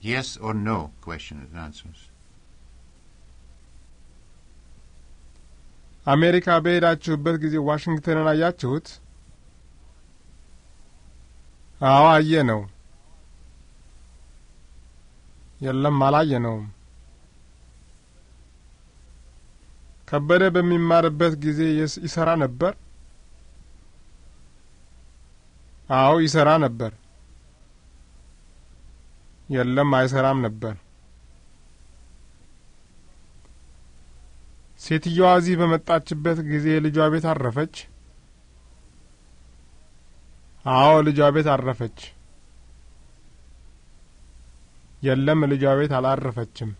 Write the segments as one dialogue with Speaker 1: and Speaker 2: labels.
Speaker 1: yes or no question and answers. አሜሪካ በሄዳችሁበት ጊዜ ዋሽንግተንን አያችሁት? አዎ አየ ነው። የለም አላየ ነውም። ከበደ በሚማርበት ጊዜ ይሰራ ነበር? አዎ ይሰራ ነበር። የለም፣ አይሰራም ነበር። ሴትየዋ እዚህ በመጣችበት ጊዜ ልጇ ቤት አረፈች? አዎ፣ ልጇ ቤት አረፈች። የለም፣ ልጇ ቤት አላረፈችም።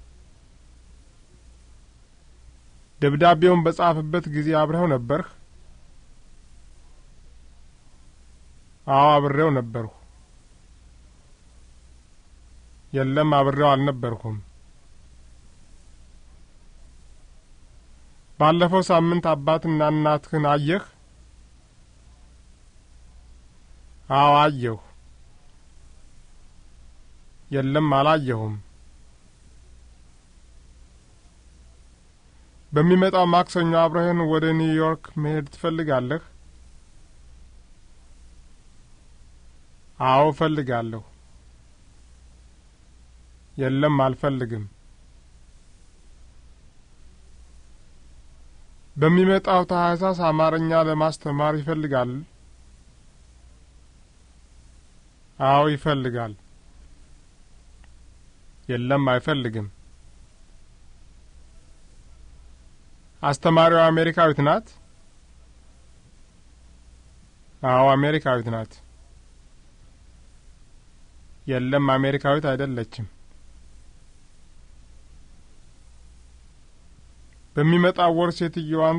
Speaker 1: ደብዳቤውን በጻፍበት ጊዜ አብረኸው ነበርህ? አዎ፣ አብሬው ነበርሁ። የለም አብሬው አልነበርኩም። ባለፈው ሳምንት አባትና እናትህን አየህ? አዎ አየሁ። የለም አላየሁም። በሚመጣው ማክሰኞ አብረህን ወደ ኒውዮርክ መሄድ ትፈልጋለህ? አዎ እፈልጋለሁ። የለም አልፈልግም። በሚመጣው ታህሳስ አማርኛ ለማስተማር ይፈልጋል? አዎ ይፈልጋል። የለም አይፈልግም። አስተማሪዋ አሜሪካዊት ናት? አዎ አሜሪካዊት ናት። የለም አሜሪካዊት አይደለችም። በሚመጣ ወር ሴትየዋን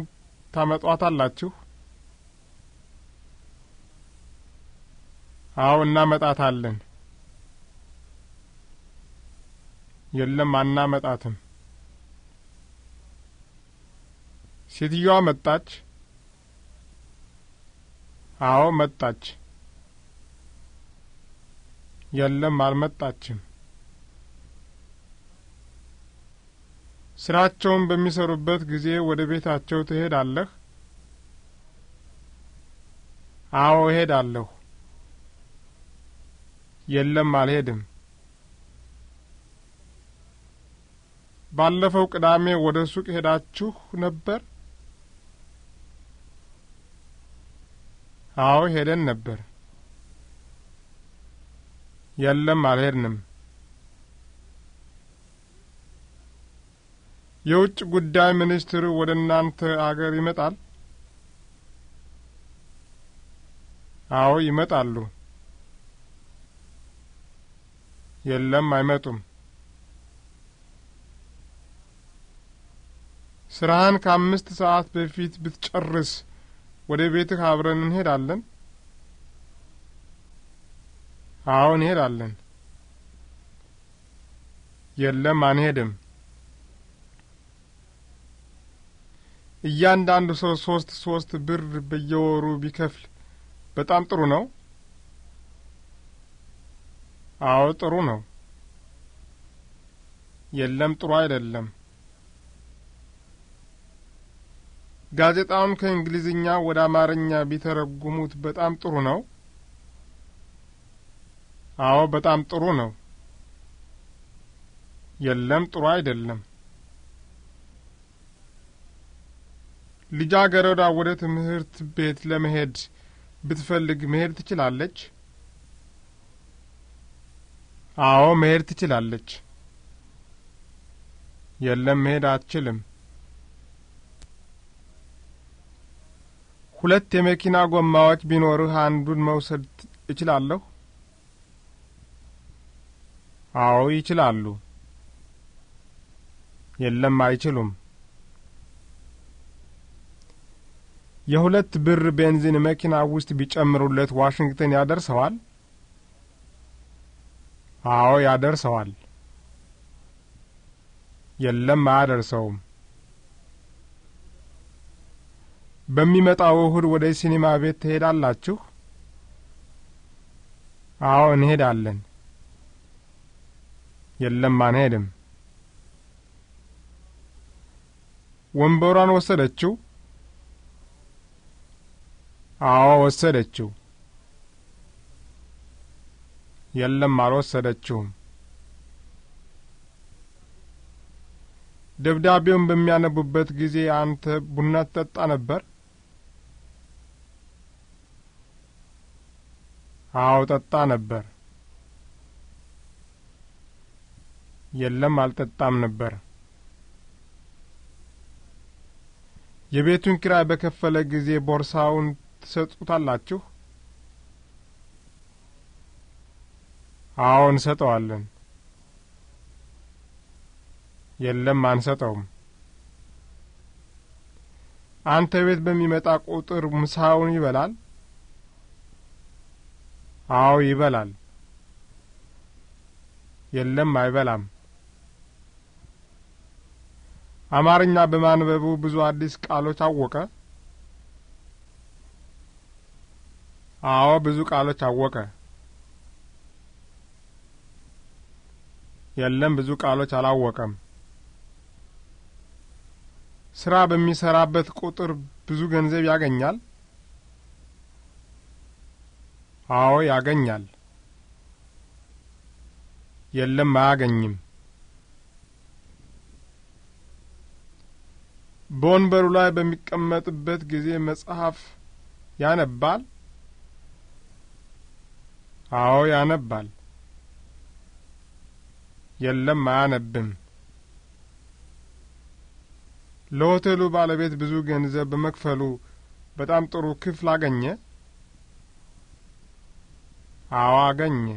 Speaker 1: ታመጧታላችሁ? አዎ እናመጣታለን። የለም አናመጣትም። ሴትየዋ መጣች? አዎ መጣች። የለም አልመጣችም። ስራቸውን በሚሰሩበት ጊዜ ወደ ቤታቸው ትሄዳለህ? አዎ እሄዳለሁ። የለም አልሄድም። ባለፈው ቅዳሜ ወደ ሱቅ ሄዳችሁ ነበር? አዎ ሄደን ነበር። የለም አልሄድንም። የውጭ ጉዳይ ሚኒስትር ወደ እናንተ አገር ይመጣል? አዎ ይመጣሉ። የለም አይመጡም። ስራህን ከአምስት ሰዓት በፊት ብትጨርስ ወደ ቤትህ አብረን እንሄዳለን? አዎ እንሄዳለን። የለም አንሄድም። እያንዳንዱ ሰው ሶስት ሶስት ብር በየወሩ ቢከፍል በጣም ጥሩ ነው። አዎ ጥሩ ነው። የለም ጥሩ አይደለም። ጋዜጣውን ከእንግሊዝኛ ወደ አማርኛ ቢተረጉሙት በጣም ጥሩ ነው። አዎ በጣም ጥሩ ነው። የለም ጥሩ አይደለም። ልጃገረዷ ወደ ትምህርት ቤት ለመሄድ ብትፈልግ መሄድ ትችላለች? አዎ፣ መሄድ ትችላለች። የለም፣ መሄድ አትችልም። ሁለት የመኪና ጎማዎች ቢኖርህ አንዱን መውሰድ እችላለሁ? አዎ፣ ይችላሉ። የለም፣ አይችሉም። የሁለት ብር ቤንዚን መኪና ውስጥ ቢጨምሩለት ዋሽንግተን ያደርሰዋል? አዎ ያደርሰዋል። የለም አያደርሰውም። በሚመጣው እሁድ ወደ ሲኒማ ቤት ትሄዳላችሁ? አዎ እንሄዳለን። የለም አንሄድም። ወንበሯን ወሰደችው? አዎ ወሰደችው። የለም አልወሰደችውም። ደብዳቤውን በሚያነቡበት ጊዜ አንተ ቡና ትጠጣ ነበር? አዎ ጠጣ ነበር። የለም አልጠጣም ነበር። የቤቱን ኪራይ በከፈለ ጊዜ ቦርሳውን ትሰጡታላችሁ? አዎ እንሰጠዋለን። የለም አንሰጠውም። አንተ ቤት በሚመጣ ቁጥር ምሳውን ይበላል? አዎ ይበላል። የለም አይበላም። አማርኛ በማንበቡ ብዙ አዲስ ቃሎች አወቀ? አዎ ብዙ ቃሎች አወቀ። የለም ብዙ ቃሎች አላወቀም። ስራ በሚሰራበት ቁጥር ብዙ ገንዘብ ያገኛል። አዎ ያገኛል። የለም አያገኝም። በወንበሩ ላይ በሚቀመጥበት ጊዜ መጽሐፍ ያነባል። አዎ ያነባል። የለም አያነብም። ለሆቴሉ ባለቤት ብዙ ገንዘብ በመክፈሉ በጣም ጥሩ ክፍል አገኘ? አዎ አገኘ።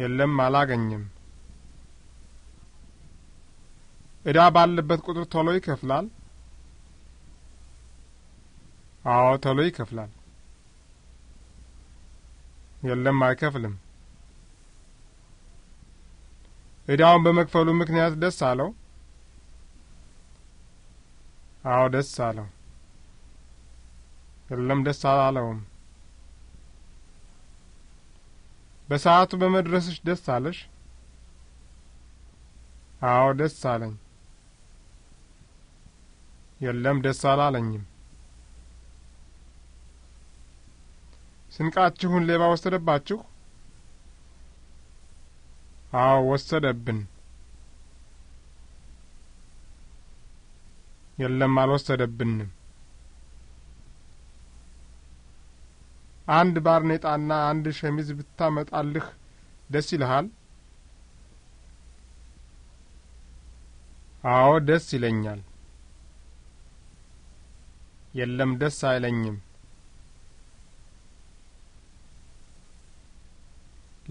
Speaker 1: የለም አላገኘም። እዳ ባለበት ቁጥር ቶሎ ይከፍላል? አዎ ቶሎ ይከፍላል። የለም፣ አይከፍልም። እዳውን በመክፈሉ ምክንያት ደስ አለው? አዎ፣ ደስ አለው። የለም፣ ደስ አላለውም። በሰዓቱ በመድረስሽ ደስ አለሽ? አዎ፣ ደስ አለኝ። የለም፣ ደስ አላለኝም። ስንቃችሁን ሌባ ወሰደባችሁ? አዎ ወሰደብን። የለም አልወሰደብንም። አንድ ባርኔጣና አንድ ሸሚዝ ብታመጣልህ ደስ ይልሃል? አዎ ደስ ይለኛል። የለም ደስ አይለኝም።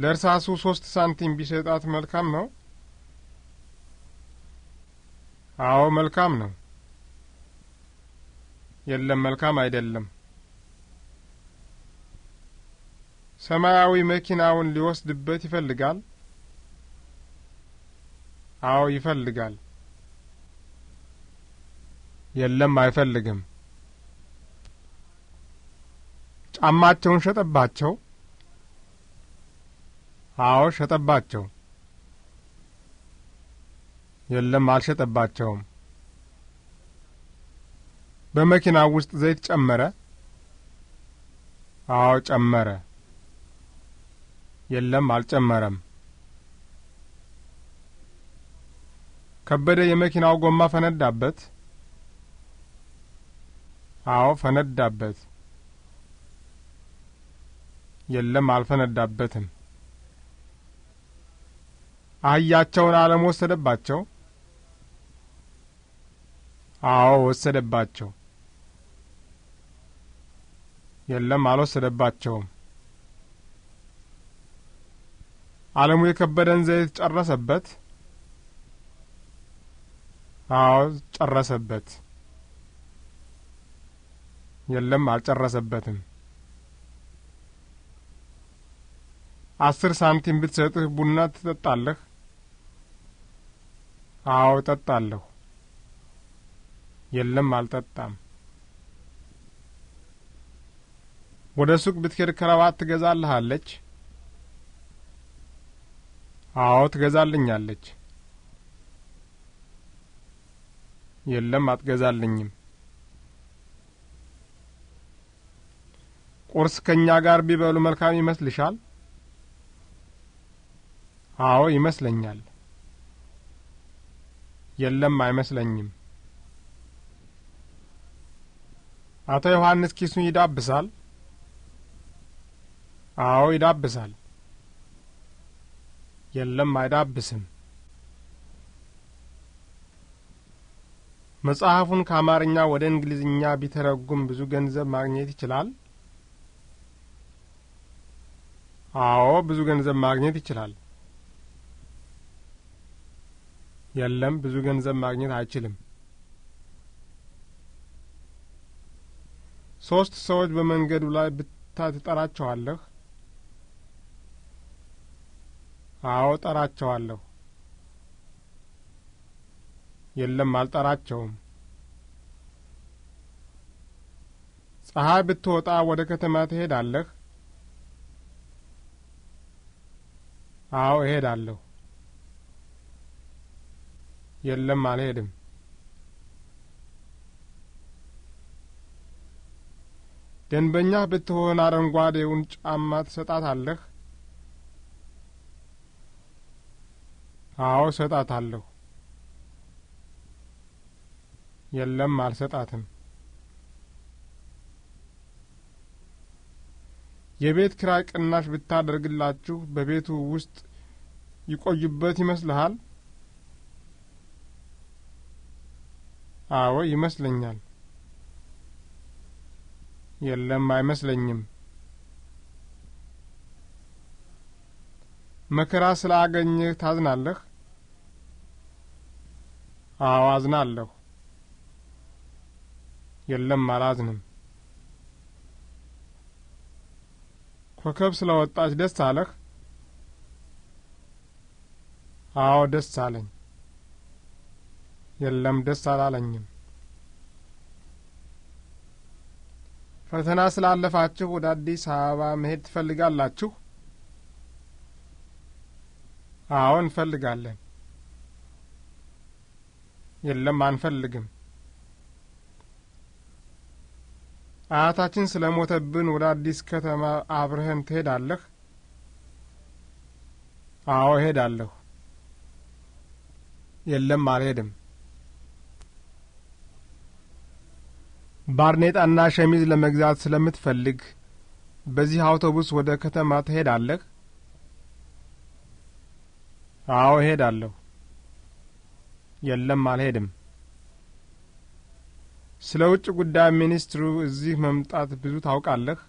Speaker 1: ለእርሳሱ ሶስት ሳንቲም ቢሰጣት መልካም ነው? አዎ መልካም ነው። የለም መልካም አይደለም። ሰማያዊ መኪናውን ሊወስድበት ይፈልጋል? አዎ ይፈልጋል። የለም አይፈልግም። ጫማቸውን ሸጠባቸው? አዎ ሸጠባቸው። የለም አልሸጠባቸውም። በመኪና ውስጥ ዘይት ጨመረ? አዎ ጨመረ። የለም አልጨመረም። ከበደ የመኪናው ጎማ ፈነዳበት? አዎ ፈነዳበት። የለም አልፈነዳበትም። አህያቸውን አለም ወሰደባቸው? አዎ ወሰደባቸው። የለም አልወሰደባቸውም። አለሙ የከበደን ዘይት ጨረሰበት? አዎ ጨረሰበት። የለም አልጨረሰበትም። አስር ሳንቲም ብትሰጥህ ቡና ትጠጣለህ? አዎ ጠጣለሁ። የለም አልጠጣም። ወደ ሱቅ ብትሄድ ከረባት ትገዛልሃለች? አዎ ትገዛልኛለች። የለም አትገዛልኝም። ቁርስ ከእኛ ጋር ቢበሉ መልካም ይመስልሻል? አዎ ይመስለኛል። የለም አይመስለኝም። አቶ ዮሐንስ ኪሱን ይዳብሳል? አዎ ይዳብሳል። የለም አይዳብስም። መጽሐፉን ከአማርኛ ወደ እንግሊዝኛ ቢተረጉም ብዙ ገንዘብ ማግኘት ይችላል? አዎ ብዙ ገንዘብ ማግኘት ይችላል። የለም ብዙ ገንዘብ ማግኘት አይችልም። ሶስት ሰዎች በመንገዱ ላይ ብታ ትጠራቸዋለህ? አዎ ጠራቸዋለሁ። የለም አልጠራቸውም። ፀሐይ ብትወጣ ወደ ከተማ ትሄዳለህ? አዎ እሄዳለሁ። የለም አልሄድም። ደንበኛህ ብትሆን አረንጓዴውን ጫማ ትሰጣታለህ? አዎ እሰጣታለሁ። የለም አልሰጣትም። የቤት ኪራይ ቅናሽ ብታደርግላችሁ በቤቱ ውስጥ ይቆዩበት ይመስልሃል? አዎ ይመስለኛል። የለም አይመስለኝም። መከራ ስለ አገኘህ ታዝናለህ? አዎ አዝናለሁ። የለም አላዝንም። ኮከብ ስለ ወጣች ደስ አለህ? አዎ ደስ አለኝ። የለም ደስ አላለኝም። ፈተና ስላለፋችሁ ወደ አዲስ አበባ መሄድ ትፈልጋላችሁ? አዎ እንፈልጋለን። የለም አንፈልግም። አያታችን ስለ ሞተብን ወደ አዲስ ከተማ አብረህን ትሄዳለህ? አዎ እሄዳለሁ። የለም አልሄድም። ባርኔጣና ሸሚዝ ለመግዛት ስለምትፈልግ በዚህ አውቶቡስ ወደ ከተማ ትሄዳለህ? አዎ እሄዳለሁ። የለም አልሄድም። ስለ ውጭ ጉዳይ ሚኒስትሩ እዚህ መምጣት ብዙ ታውቃለህ?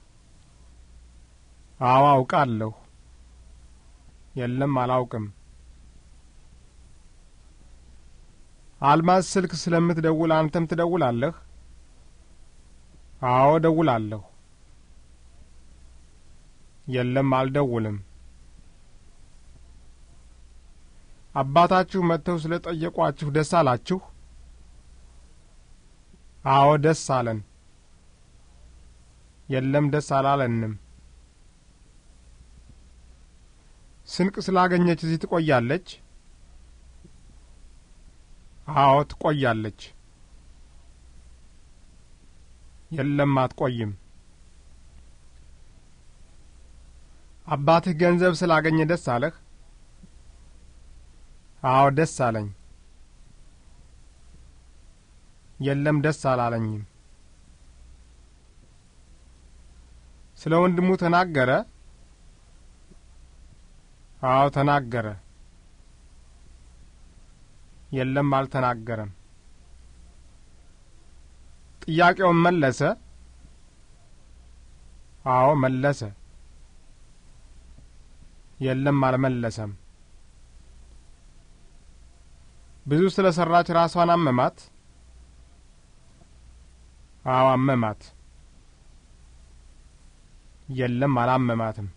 Speaker 1: አዎ አውቃለሁ። የለም አላውቅም። አልማዝ ስልክ ስለምትደውል አንተም ትደውላለህ? አዎ እደውላለሁ። የለም አልደውልም። አባታችሁ መጥተው ስለ ጠየቋችሁ ደስ አላችሁ? አዎ ደስ አለን። የለም ደስ አላለንም። ስንቅ ስላገኘች እዚህ ትቆያለች? አዎ ትቆያለች። የለም አትቆይም። አባትህ ገንዘብ ስላገኘ ደስ አለህ? አዎ ደስ አለኝ። የለም ደስ አላለኝም። ስለ ወንድሙ ተናገረ? አዎ ተናገረ። የለም አልተናገረም። ጥያቄውን መለሰ? አዎ መለሰ። የለም አልመለሰም። ብዙ ስለ ሰራች ራሷን አመማት? አዎ አመማት። የለም አላመማትም።